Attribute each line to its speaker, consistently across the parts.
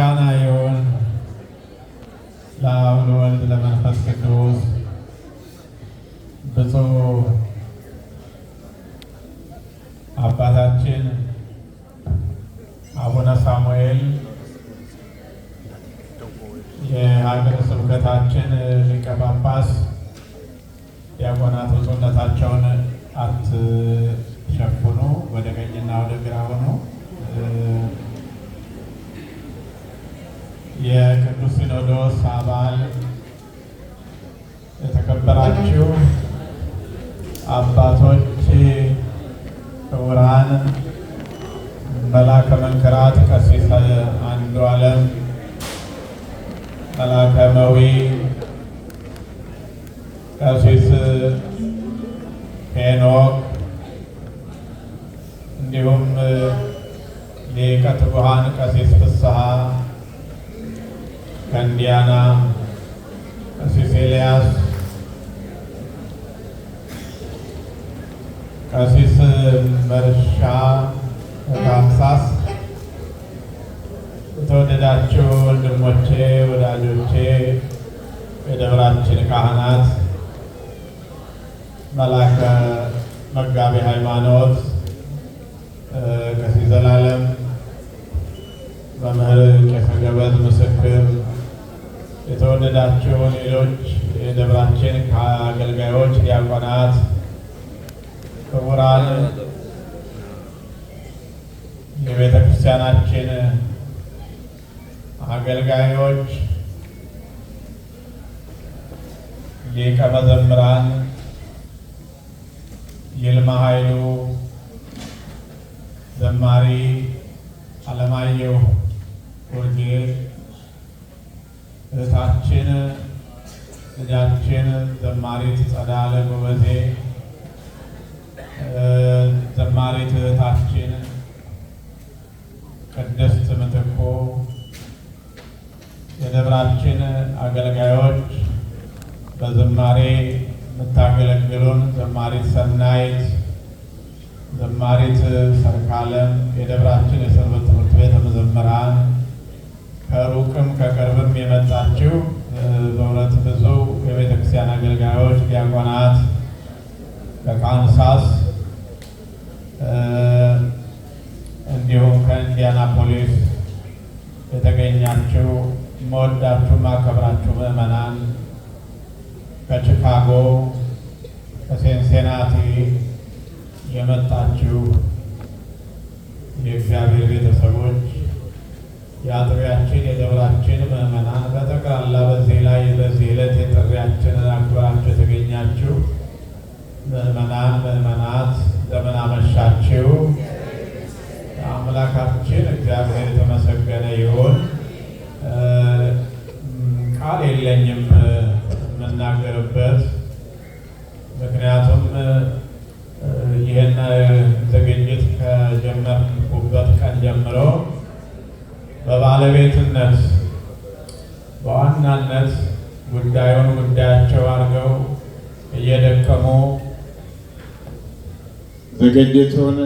Speaker 1: 干啊！又。የቅዱስ ሲኖዶስ አባል የተከበራችሁ አባቶች፣ ክቡራን መላከ መንክራት ቀሲስ አንዱ ዓለም መላከ መዊ ቀሲስ ሄኖክ እንዲሁም ሊቀ ትጉሃን ቀሲስ ፍስሐ ከእንዲያና ቀሲስ ኤልያስ ቀሲስ መርሻ ከካንሳስ የተወደዳችሁ ወንድሞቼ ወዳጆቼ የደብራችን ካህናት መላከ መጋቢ ሃይማኖት ቀሲስ ዘላለም መምህር ቄሰ ገበት ምስክር የተወደዳችሁ ሌሎች የደብራችን አገልጋዮች፣ ዲያቆናት፣ ክቡራን የቤተ ክርስቲያናችን አገልጋዮች፣ ሊቀ መዘምራን ይልማ ኃይሉ፣ ዘማሪ አለማየሁ ጉርጌ እህታችን ልጃችን ዘማሪት ጸዳለ ጎበዜ ዘማሪት እህታችን ቅድስት ምትኮ የደብራችን አገልጋዮች በዝማሬ የምታገለግሉን ዘማሪት ሰናይት፣ ዘማሪት ሰርካለም፣ የደብራችን የሰንበት ትምህርት ቤት መዘምራን ከሩቅም ከቅርብም የመጣችው በእውነት ብዙ የቤተ ክርስቲያን አገልጋዮች፣ ዲያቆናት ከካንሳስ እንዲሁም ከኢንዲያናፖሊስ የተገኛችው መወዳችሁ ማከብራችሁ ምዕመናን ከቺካጎ ከሴንሴናቲ የመጣችው። യാതൊരു അക്ഷരീയതകളാൽ በዋናነት ጉዳዩን ጉዳያቸው አድርገው እየደከሙ ዝግጅቱን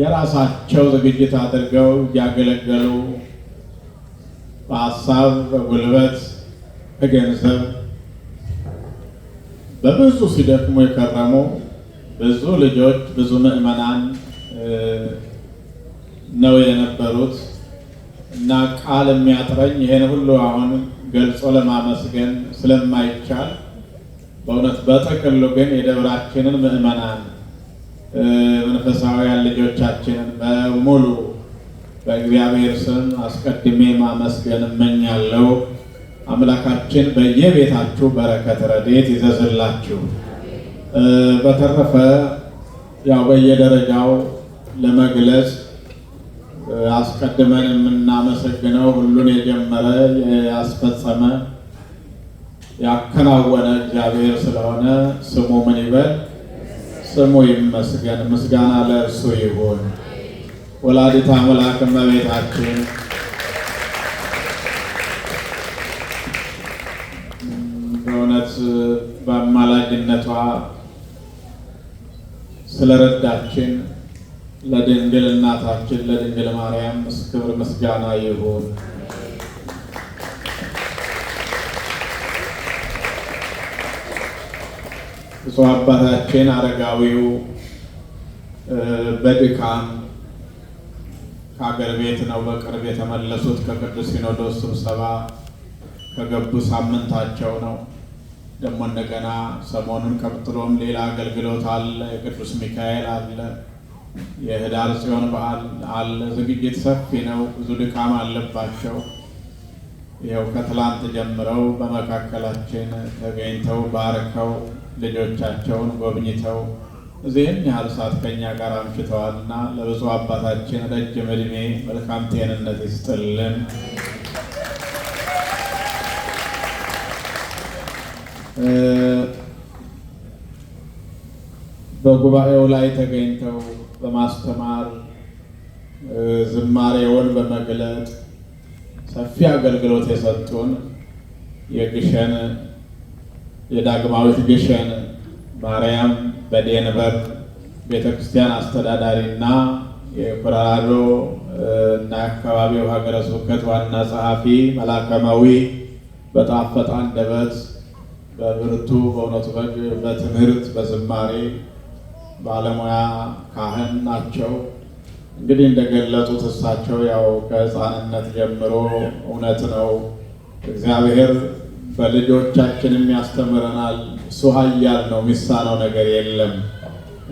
Speaker 1: የራሳቸው ዝግጅት አድርገው እያገለገሉ በሀሳብ፣ በጉልበት፣ በገንዘብ በብዙ ሲደክሙ የከረሙ ብዙ ልጆች ብዙ ምዕመናን ነው የነበሩት። እና ቃል የሚያጥረኝ ይሄን ሁሉ አሁን ገልጾ ለማመስገን ስለማይቻል በእውነት በጥቅሉ ግን የደብራችንን ምዕመናን መንፈሳውያን ልጆቻችንን በሙሉ በእግዚአብሔር ስም አስቀድሜ ማመስገን እመኛለሁ። አምላካችን በየቤታችሁ በረከት፣ ረድኤት ይዘዝላችሁ። በተረፈ ያው በየደረጃው ለመግለጽ አስቀድመን የምናመሰግነው ሁሉን የጀመረ ያስፈጸመ ያከናወነ እግዚአብሔር ስለሆነ ስሙ ምን ይበል? ስሙ ይመስገን። ምስጋና ለእርሱ ይሁን። ወላዲተ አምላክ እመቤታችን በእውነት በአማላጅነቷ ስለረዳችን ለድንግል እናታችን ለድንግል ማርያም ክብር ምስጋና ይሁን። ብፁዕ አባታችን አረጋዊው በድካም ከሀገር ቤት ነው በቅርብ የተመለሱት። ከቅዱስ ሲኖዶስ ስብሰባ ከገቡ ሳምንታቸው ነው። ደግሞ እንደገና ሰሞኑን ቀጥሎም ሌላ አገልግሎት አለ። የቅዱስ ሚካኤል አለ የህዳር ጽዮን በዓል አለ። ዝግጅት ሰፊ ነው። ብዙ ድካም አለባቸው። ይኸው ከትላንት ጀምረው በመካከላችን ተገኝተው ባርከው ልጆቻቸውን ጎብኝተው እዚህም ያህል ሰዓት ከኛ ጋር አምሽተዋል እና ለብዙ አባታችን ረጅም ዕድሜ መልካም ጤንነት ይስጥልን። በጉባኤው ላይ ተገኝተው በማስተማር ዝማሬውን በመግለጥ ሰፊ አገልግሎት የሰጡን የግሸን የዳግማዊት ግሸን ማርያም በዴንቨር ቤተክርስቲያን አስተዳዳሪና የኮሎራዶ እና አካባቢው ሀገረ ስብከት ዋና ጸሐፊ መላከማዊ በጣፈጠ አንደበት በብርቱ በእውነቱ በግ በትምህርት በዝማሬ ባለሙያ ካህን ናቸው። እንግዲህ እንደገለጡት እሳቸው ያው ከህፃንነት ጀምሮ እውነት ነው እግዚአብሔር በልጆቻችንም ያስተምረናል። እሱ ኃያል ነው፣ የሚሳነው ነገር የለም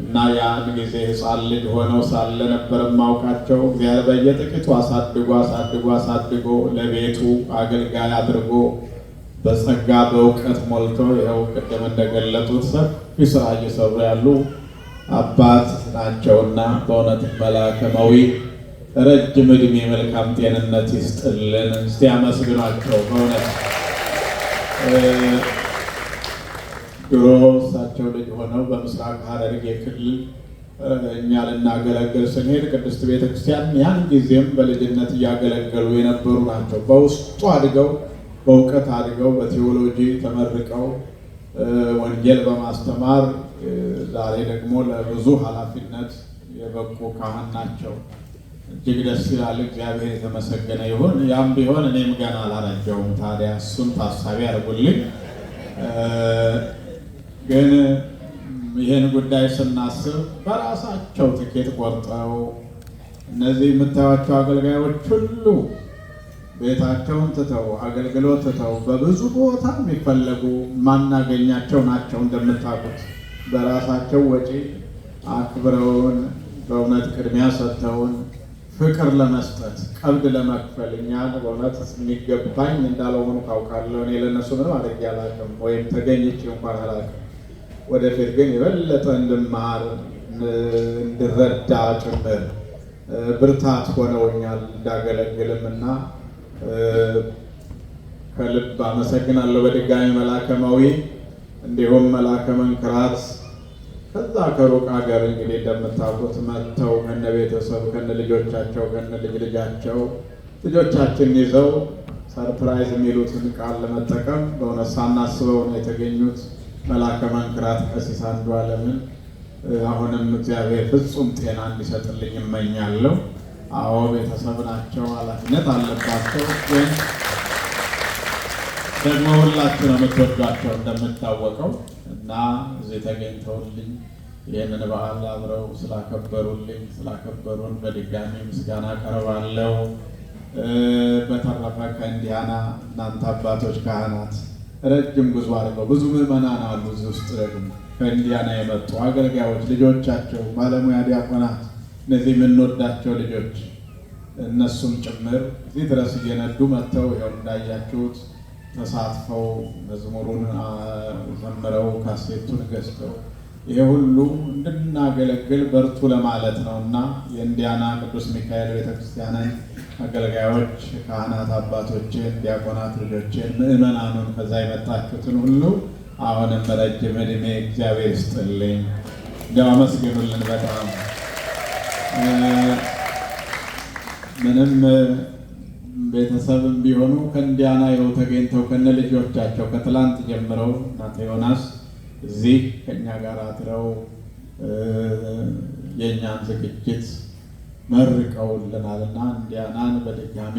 Speaker 1: እና ያን ጊዜ ህፃን ልጅ ሆነው ሳለ ነበር የማውቃቸው። እግዚአብሔር በየጥቂቱ አሳድጎ አሳድጎ አሳድጎ ለቤቱ አገልጋይ አድርጎ በጸጋ በእውቀት ሞልቶ ይኸው ቅድም እንደገለጡት ሰፊ ስራ እየሰሩ ያሉ አባት ናቸውና በእውነት መልአከ መዊ ረጅም እድሜ መልካም ጤንነት ይስጥልን። እስቲ አመስግኗቸው። በእውነት ድሮ እሳቸው ልጅ ሆነው በምስራቅ ሐረርጌ ክልል እኛ ልናገለግል ስንሄድ ቅድስት ቤተክርስቲያን ያን ጊዜም በልጅነት እያገለገሉ የነበሩ ናቸው። በውስጡ አድገው በእውቀት አድገው በቴዎሎጂ ተመርቀው ወንጌል በማስተማር ዛሬ ደግሞ ለብዙ ኃላፊነት የበቁ ካህን ናቸው። እጅግ ደስ ይላል። እግዚአብሔር የተመሰገነ ይሁን። ያም ቢሆን እኔም ገና አላረጀውም። ታዲያ እሱን ታሳቢ አድርጉልኝ። ግን ይህን ጉዳይ ስናስብ በራሳቸው ትኬት ቆርጠው እነዚህ የምታዩቸው አገልጋዮች ሁሉ ቤታቸውን ትተው አገልግሎት ትተው በብዙ ቦታ የሚፈለጉ ማናገኛቸው ናቸው እንደምታውቁት በራሳቸው ወጪ አክብረውን በእውነት ቅድሚያ ሰጥተውን ፍቅር ለመስጠት ቀብድ ለመክፈል እኛ በእውነት የሚገባኝ እንዳልሆኑ ታውቃለሁ። እኔ ለእነሱ ምንም አድርጌ አላውቅም፣ ወይም ተገኝቼ እንኳን አላውቅም። ወደፊት ግን የበለጠ እንድማር እንድረዳ ጭምር ብርታት ሆነውኛል እንዳገለግልም እና ከልብ አመሰግናለሁ። በድጋሚ መላከማዊ እንዲሁም መላከ መንክራት ከዛ ከሩቅ ሀገር እንግዲህ እንደምታውቁት መጥተው ከነ ቤተሰብ ከነ ልጆቻቸው ከነ ልጅ ልጃቸው ልጆቻችን ይዘው ሰርፕራይዝ የሚሉትን ቃል ለመጠቀም በእውነት ሳናስበው ነው የተገኙት። መላከ መንክራት ቀሲስ አንዱ አለምን አሁንም እግዚአብሔር ፍጹም ጤና እንዲሰጥልኝ እመኛለሁ። አዎ ቤተሰብ ናቸው፣ ኃላፊነት አለባቸው ግን ደግሞ ሁላችሁ ነው የምትወዷቸው እንደምታወቀው እና እዚህ ተገኝተውልኝ ይህንን በዓል አብረው ስላከበሩልኝ ስላከበሩን በድጋሚ ምስጋና ቀርባለሁ። በተረፈ ከእንዲያና እናንተ አባቶች ካህናት ረጅም ጉዞ አድርገው ብዙ ምዕመናን አሉ እዚህ ውስጥ ደግሞ ከእንዲያና የመጡ አገልጋዮች ልጆቻቸው ባለሙያ ዲያቆናት እነዚህ የምንወዳቸው ልጆች እነሱም ጭምር እዚህ ድረስ እየነዱ መጥተው ያው እንዳያችሁት ተሳትፈው መዝሙሩን ዘምረው ካሴቱን ገዝተው ይሄ ሁሉ እንድናገለግል በርቱ ለማለት ነው እና የእንዲያና ቅዱስ ሚካኤል ቤተክርስቲያንን አገልጋዮች፣ ካህናት አባቶችን፣ ዲያቆናት ልጆችን፣ ምእመናኑን ከዛ የመጣችሁትን ሁሉ አሁንም ረጅም እድሜ እግዚአብሔር ይስጥልኝ። እንደው አመስግኑልን። በጣም ምንም ቤተሰብም ቢሆኑ ከእንዲያና ናይሮ ተገኝተው ከነ ልጆቻቸው ከትላንት ጀምረው እናተ ዮናስ እዚህ ከእኛ ጋር አድረው የእኛን ዝግጅት መርቀውልናልና እንዲያናን በድጋሚ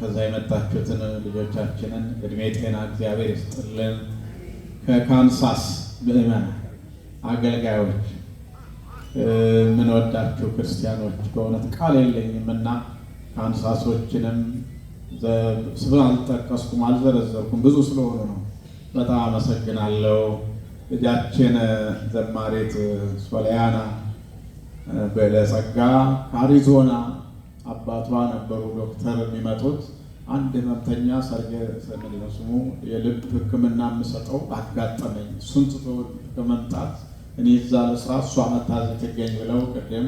Speaker 1: ከዛ የመጣችሁትን ልጆቻችንን እድሜ ጤና እግዚአብሔር ይስጥልን። ከካንሳስ ምዕመን አገልጋዮች፣ ምንወዳችሁ ክርስቲያኖች በእውነት ቃል የለኝምና እና አንሳሶችንም ስም አልጠቀስኩም፣ አልዘረዘርኩም ብዙ ስለሆኑ ነው። በጣም አመሰግናለሁ። ልጃችን ዘማሪት ሶሊያና በለጸጋ አሪዞና አባቷ ነበሩ ዶክተር የሚመጡት አንድ ህመምተኛ ሰርጌ ስሙ የልብ ሕክምና የምሰጠው አጋጠመኝ። እሱን ከመምጣት እኔ እዛ ልስራ እሷ መታዘ ትገኝ ብለው ቅድም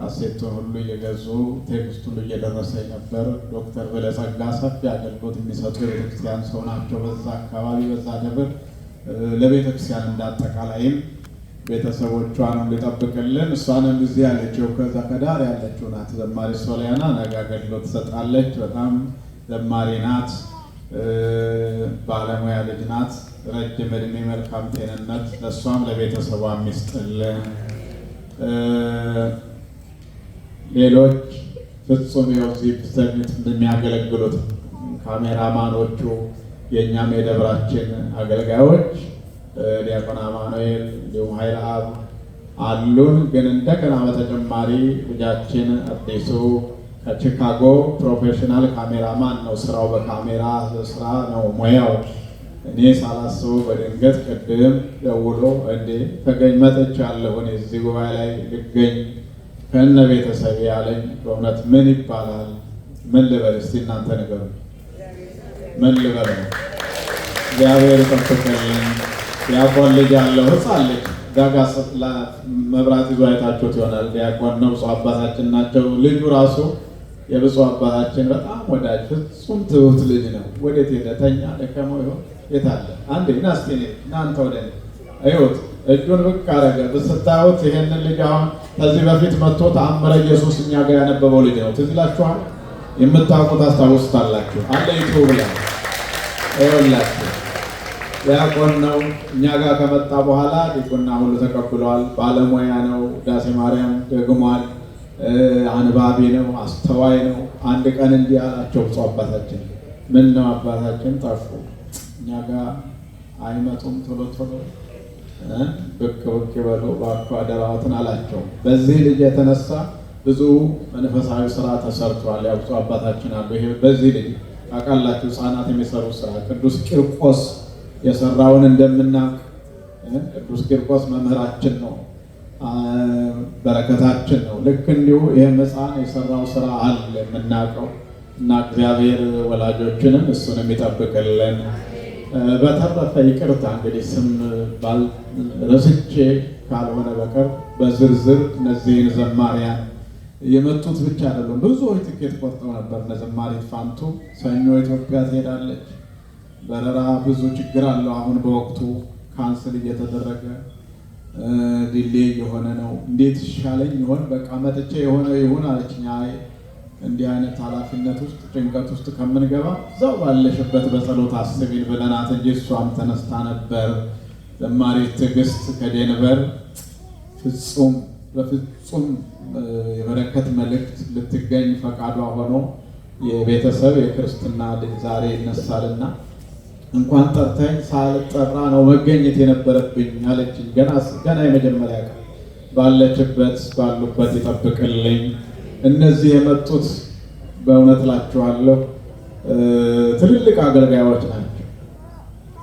Speaker 1: ካሴቱን ሁሉ እየገዙ ቴክስት ሁሉ እየደረሰኝ ነበር። ዶክተር በለጸጋ ሰፊ አገልግሎት የሚሰጡ የቤተክርስቲያን ሰው ናቸው። በዛ አካባቢ በዛ ደብር ለቤተክርስቲያን እንዳጠቃላይም ቤተሰቦቿን እንድጠብቅልን እሷንም ጊዜ ያለችው ከዛ ከዳር ያለችው ናት። ዘማሪ ሶሊያና ነገ አገልግሎት ትሰጣለች። በጣም ዘማሪ ናት። ባለሙያ ልጅ ናት። ረጅም እድሜ፣ መልካም ጤንነት ለእሷም ለቤተሰቧ የሚስጥልን ሌሎች ፍጹም የውዚህ ፍሰኝት የሚያገለግሉት ካሜራማኖቹ የእኛም የደብራችን አገልጋዮች ዲያቆን አማኑኤል እንዲሁም ኃይል አብ አሉን። ግን እንደገና በተጨማሪ ልጃችን አዲሱ ከቺካጎ ፕሮፌሽናል ካሜራማን ነው። ስራው በካሜራ ስራ ነው ሙያው። እኔ ሳላስበው በድንገት ቅድም ደውሎ እንዴ ተገኝ መጥቻለሁ እኔ እዚህ ጉባኤ ላይ ልገኝ ከእነ ቤተሰብ ያለኝ በእውነት ምን ይባላል? ምን ልበል? እስቲ እናንተ ንገሩ። ምን ልበል ነው? እግዚአብሔር ጠብቅልኝ። ዲያቆን ልጅ ያለው ህፃን ልጅ ጋጋ መብራት ይዞ አይታችሁት ይሆናል። ዲያቆን ነው፣ ብፁዕ አባታችን ናቸው። ልጁ ራሱ የብፁዕ አባታችን በጣም ወዳጅ ፍጹም ትሁት ልጅ ነው። ወዴት ሄደ? ተኛ፣ ደከመው ይሆን? የት አለ? አንዴ ናስቴ እናንተ ወደ እዩት። እጁን ብቅ አረገ። ብስታዩት ይሄንን ልጅ አሁን ከዚህ በፊት መጥቶ ተአምረ ኢየሱስ እኛ ጋር ያነበበው ልጅ ነው። ትዝ ይላችኋል። የምታውቁት አስታውስታላችሁ። አለ ይቱ ብላ ይላችሁ ዲያቆን ነው። እኛ ጋር ከመጣ በኋላ ዲቁና ሁሉ ተቀብሏል። ባለሙያ ነው። ዳሴ ማርያም ደግሟል። አንባቢ ነው። አስተዋይ ነው። አንድ ቀን እንዲህ አላቸው ብፁዕ አባታችን፣ ምን ነው አባታችን ጠፉ፣ እኛ ጋር አይመጡም ቶሎ ቶሎ ብቅ ብቅ በሉ እባክህ አደራዎትን አላቸው። በዚህ ልጅ የተነሳ ብዙ መንፈሳዊ ስራ ተሰርቷል። ያው ብዙ አባታችን አሉ። ይሄ በዚህ ልጅ ታውቃላችሁ፣ ህፃናት የሚሰሩ ስራ ቅዱስ ቂርቆስ የሰራውን እንደምናውቅ ቅዱስ ቂርቆስ መምህራችን ነው፣ በረከታችን ነው። ልክ እንዲሁ ይህም ህፃን የሰራው ስራ አለ የምናውቀው እና እግዚአብሔር ወላጆችንም እሱን የሚጠብቅልን በተረፈ ይቅርታ እንግዲህ ስም ባል ረስቼ ካልሆነ በቀር በዝርዝር እነዚህን ዘማሪያን የመጡት ብቻ አይደለም። ብዙዎች ትኬት ቆርጠው ነበር። ለዘማሪት ፋንቱ ሰኞ ኢትዮጵያ ትሄዳለች። በረራ ብዙ ችግር አለው። አሁን በወቅቱ ካንስል እየተደረገ ዲሌ እየሆነ ነው። እንዴት ይሻለኝ ይሆን? በቃ መጥቼ የሆነ ይሁን አለችኝ። አይ እንዲህ አይነት ኃላፊነት ውስጥ ጭንቀት ውስጥ ከምንገባ እዛው ባለሽበት በጸሎት አስቢን ብለናት እንጂ እሷም ተነስታ ነበር። ዘማሪ ትዕግስት ከዴንቨር ፍጹም በፍጹም የበረከት መልእክት ልትገኝ ፈቃዷ ሆኖ የቤተሰብ የክርስትና ልጅ ዛሬ ይነሳልና እንኳን ጠርተኝ ሳልጠራ ነው መገኘት የነበረብኝ አለችኝ። ገና ገና የመጀመሪያ ቀን ባለችበት ባሉበት ይጠብቅልኝ እነዚህ የመጡት በእውነት እላችኋለሁ ትልልቅ አገልጋዮች ናቸው።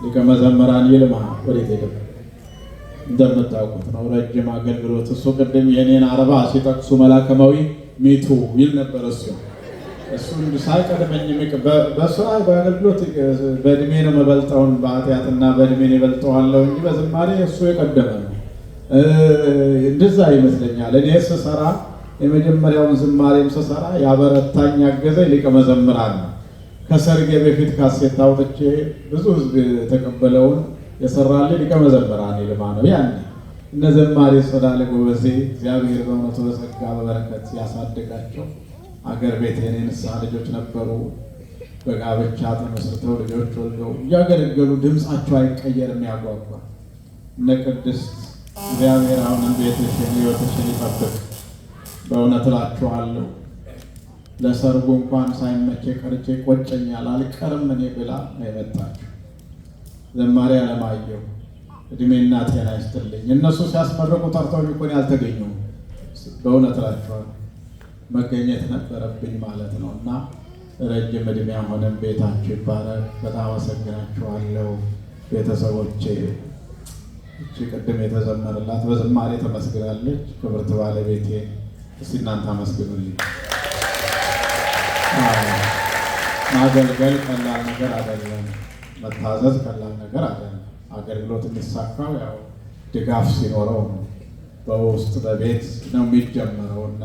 Speaker 1: ሊቀ መዘምራን ይልማ ወዴት ሄደ? እንደምታውቁት ነው ረጅም አገልግሎት። እሱ ቅድም የኔን አርባ ሲጠቅሱ መላከማዊ ሚቱ ይል ነበር። እሱ እሱ ሳይቀድመኝ በስራ በአገልግሎት በእድሜ ነው መበልጠውን በአጢአትና በእድሜ ይበልጠዋለሁ እንጂ በዝማሬ እሱ የቀደመ ነው። እንደዛ ይመስለኛል እኔ ስሰራ የመጀመሪያውን ዝማሬም ስሰራ ያበረታኝ ያገዘኝ ሊቀ መዘምራን ነው። ከሰርጌ በፊት ካሴት አውጥቼ ብዙ ህዝብ የተቀበለውን የሰራልኝ ሊቀ መዘምራን ይልማ ነው። ያኔ እነ ዘማሪ ይስፈላል ጎበዜ እግዚአብሔር በእውነቱ በጸጋ በበረከት ያሳድጋቸው። አገር ቤት የኔ ንስሐ ልጆች ነበሩ። በጋብቻ ተመስርተው ልጆች ወልደው እያገለገሉ ድምፃቸው አይቀየርም፣ ያጓጓል። እነ ቅድስት እግዚአብሔር አሁንም ቤትሽን ህይወትሽን ይጠብቅ በእውነት እላችኋለሁ ለሰርጉ እንኳን ሳይመቼ ቀርቼ ቆጨኛል አልቀርም እኔ ብላ አይመጣችሁ። ዘማሪ አለማየሁ እድሜና ጤና ይስጥልኝ። እነሱ ሲያስመረቁ ጠርተውኝ እኮ ያልተገኘሁም። በእውነት እላችኋለሁ መገኘት ነበረብኝ ማለት ነው። እና ረጅም እድሜ ሆነም ቤታችሁ ይባረክ። በጣም አመሰግናችኋለሁ ቤተሰቦቼ። እቺ ቅድም የተዘመረላት በዝማሬ ተመስግናለች። ክብርት ባለቤቴ እስቲ እናንተ ማገልገል ቀላል ነገር አይደለም። መታዘዝ ቀላል ነገር አይደለም። አገልግሎት የሚሳካው ያው ድጋፍ ሲኖረው ነው። በውስጥ በቤት ነው የሚጀምረው እና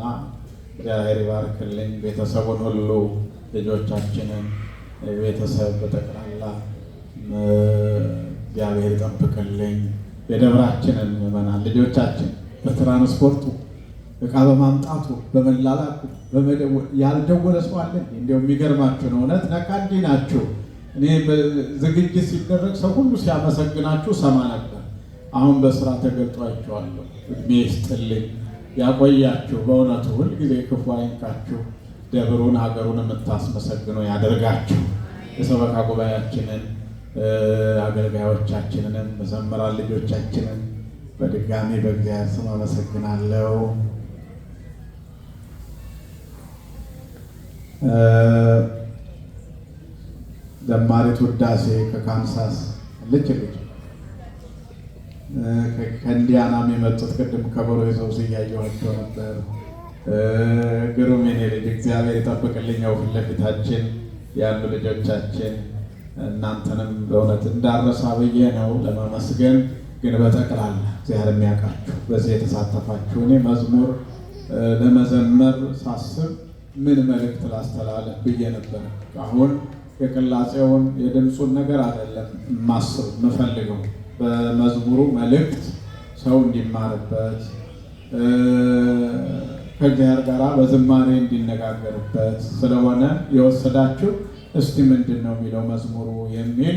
Speaker 1: እግዚአብሔር ይባርክልኝ ቤተሰቡን ሁሉ ልጆቻችንን፣ ቤተሰብ በጠቅላላ እግዚአብሔር ይጠብቅልኝ። የደብራችንን ምዕመናን ልጆቻችን በትራንስፖርቱ እቃ በማምጣቱ በመላላኩ ያልደወለ ሰው አለ? እንዲያው የሚገርማችሁ ነው። እውነት ነቃዴ ናችሁ። እኔ ዝግጅት ሲደረግ ሰው ሁሉ ሲያመሰግናችሁ ሰማ ነበር። አሁን በስራ ተገልጧችኋለሁ። እድሜ ይስጥልኝ፣ ያቆያችሁ። በእውነቱ ሁልጊዜ ክፉ አይንካችሁ። ደብሩን ሀገሩን የምታስመሰግኑ ያደርጋችሁ። የሰበካ ጉባኤያችንን አገልጋዮቻችንንም መዘመራን ልጆቻችንን በድጋሚ በእግዚአብሔር ስም አመሰግናለሁ። ዘማሪት ውዳሴ ከካንሳስ ልጅ ልጅ ከኢንዲያናም የመጡት ቅድም ከበሮ ይዘው እያየኋቸው ነበር። ግሩም የኔ ልጅ እግዚአብሔር ይጠብቅልኝ። ያው ፊት ለፊታችን ያሉ ልጆቻችን እናንተንም በእውነት እንዳረሳ ብዬ ነው ለማመስገን። ግን በጠቅላላ እግዚአብሔር የሚያውቃችሁ በዚህ የተሳተፋችሁ እኔ መዝሙር ለመዘመር ሳስብ ምን መልእክት ላስተላለፍ ብዬ ነበር። አሁን የቅላጼውን የድምፁን ነገር አይደለም ማስብ ምፈልገው በመዝሙሩ መልእክት ሰው እንዲማርበት ከእግዚአብሔር ጋር በዝማሬ እንዲነጋገርበት ስለሆነ የወሰዳችሁ እስቲ ምንድን ነው የሚለው መዝሙሩ የሚል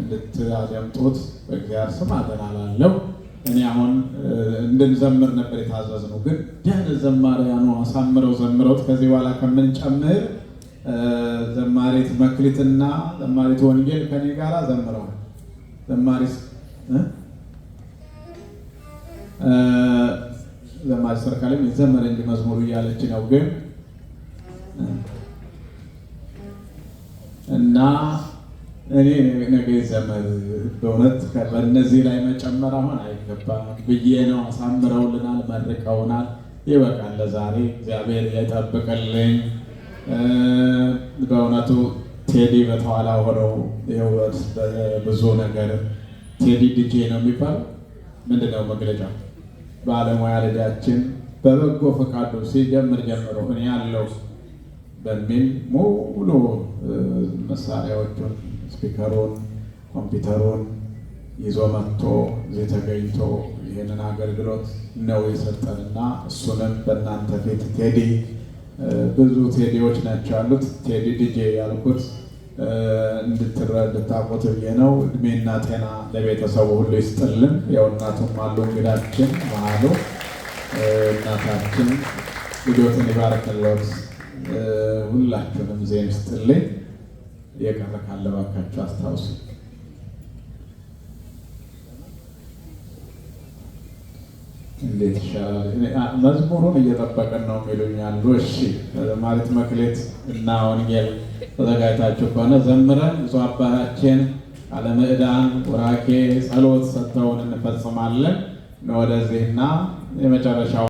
Speaker 1: እንድታደምጡት በእግዚአብሔር ስም አደራላለሁ። እኔ አሁን እንድንዘምር ነበር የታዘዝ ነው ግን ደህን ዘማሪያኑ አሳምረው ዘምረውት ከዚህ በኋላ ከምንጨምር ዘማሪት መክሊትና ዘማሪት ወንጌል ከኔ ጋር ዘምረው ዘማሪ ዘማሪ ሰርካለም የዘመረ እንዲ መዝሙሩ እያለች ነው ግን እና እኔ ነገ ዘመድ በእውነት በእነዚህ ላይ መጨመር አሁን አይገባም ብዬ ነው። አሳምረውልናል፣ መርቀውናል። ይበቃል ለዛሬ። እግዚአብሔር የጠብቅልኝ። በእውነቱ ቴዲ በተኋላ ሆነው ብዙ ነገር ቴዲ ድጄ ነው የሚባለው ምንድነው መግለጫ ባለሙያ ልጃችን በበጎ ፈቃዱ ሲጀምር ጀምሮ እኔ ያለው በሚል ሙሉ መሳሪያዎቹን ስፒከሩን ኮምፒውተሩን ይዞ መጥቶ እዚህ ተገኝቶ ይህንን አገልግሎት ነው የሰጠንና እሱንም በእናንተ ፊት ቴዲ ብዙ ቴዲዎች ናቸው ያሉት። ቴዲ ዲጄ ያልኩት እንድታውቁት ብዬ ነው። እድሜና ጤና ለቤተሰቡ ሁሉ ይስጥልን። ያው እናቱም አሉ እንግዳችን መሀሉ እናታችን ልጆትን ይባርክልዎት። ሁላችሁንም ዜ ይስጥልኝ። የቀረ ካለ ባካችሁ አስታውሱ። እንዴት ይሻላል? መዝሙሩን እየጠበቅን ነው የሚሉኝ አሉ። እሺ ማለት መክሌት እና ወንጌል ተዘጋጅታችሁ ከሆነ ዘምረን ብዙ አባታችን ቃለ ምዕዳን ቡራኬ ጸሎት ሰጥተውን እንፈጽማለን። ወደዚህና የመጨረሻው